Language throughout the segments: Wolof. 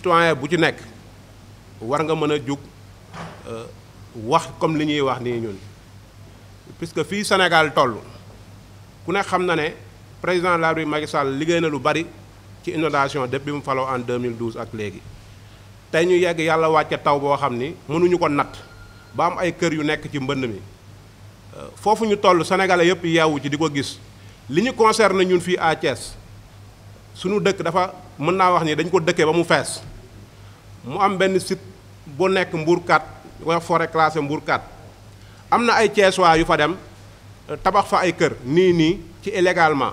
citoyen bu ci nekk war nga mën a jug euh, wax comme li ñuy wax nii ñun puisque fii Sénégal toll ku ne xam na ne président de la République Macky liggéey na lu bari ci inondation depuis mu falo en 2012 ak léegi tey ñu yegg yàlla wàcce taw boo xam ni mënuñu ko natt ba am ay kër yu nekk ci mbënn mi euh, foofu ñu toll sénégalais yëpp yeewu ci di ko gis li ñu na ñun fii à Thiès suñu dëkk dafa mën naa wax nii dañ ko dëkkee ba mu fees mu am benn site bu nekk Mbour 4 wala forêt classée am na ay Thiessois yu fa dem tabax fa ay kër nii nii ci illégalement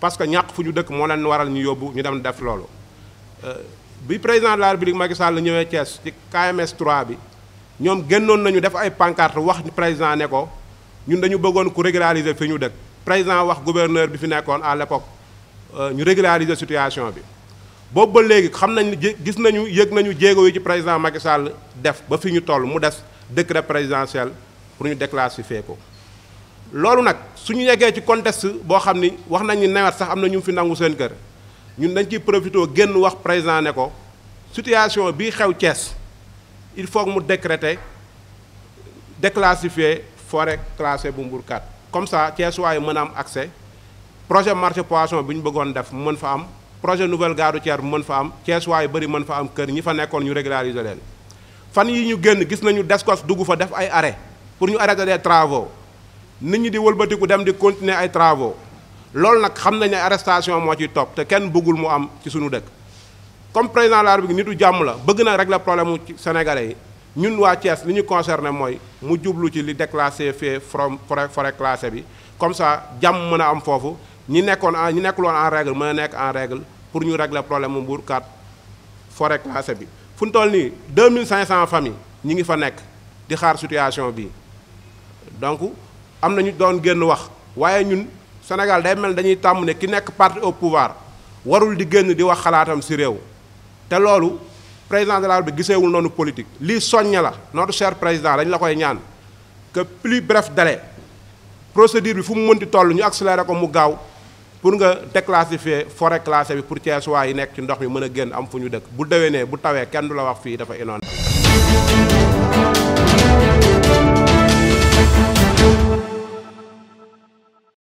parce que ñàkk fu ñu dëkk moo leen waral ñu yóbbu ñu dem def loolu euh, bi président de la république Macky la ñëwee Thiès ci KMS 3 bi ñoom génnoon nañu def ay pancarte wax président ne ko ñun dañu bëggoon ku régulariser fi ñu dëkk président wax gouverneur bi fi nekkoon à l'époque euh, ñu régulariser situation bi boobu ba léegi xam nañ gis nañu yëg nañu jéego yi ci président Macky Sall def ba fi ñu toll mu des décret présidentiel pour ñu déclassifier ko loolu nag suñu yeggee ci contexte boo xam ni wax nañ ni nawet sax am na ñu fi nangu seen kër ñun dañ ci profité génn wax président ne ko situation bii xew cees il faut mu décréter déclassifier forêt classée bu Mbour 4 comme ça Thiès waaye mën a am accès projet marché poisson bi ñu bëggoon def mën fa am projet nouvelle gare routière bu mën fa am Thiès way bari mën fa am kër ñi fa nekkon ñu régulariser leen fan yi ñu genn gis nañu descos dugg fa def ay arrêt pour ñu arrêter les travaux nit ñi di wëlbatiku dem di continuer ay travaux lool nak xam nañ ne arrestation mo ci top te kenn bëggul mu am ci suñu dëkk comme président de la République nitu jamm la bëgg na régler problème ci sénégalais yi ñun wa Thiès li ñu concerné moy mu jublu ci li déclassé fait from forêt forêt classée bi comme ça jamm mëna am fofu ñi nekkoon en ñi en règle mën a nekk en règle pour ñu régler problème mu Mbourkat forêt classé bi fu ñu toll nii 2500 familles ñi ngi fa nekk di xaar situation bi donc am na ñu doon génn wax waaye ñun Sénégal day mel dañuy tàmm ne ki nekk parti au pouvoir warul di génn di wax xalaatam ci réew te loolu président de la République bi giseewul noonu politique lii soñña la notre cher président dañ la koy ñaan que plus bref délai procédure bi fu mu mënti toll ñu accélérer ko mu gaaw pour nga déclassifier forêt classée bi pour Thiessois yi nekk ci ndox mi mën a génn am fu ñu dëkk bu déwénee bu tawee kenn du la wax fii dafa inondé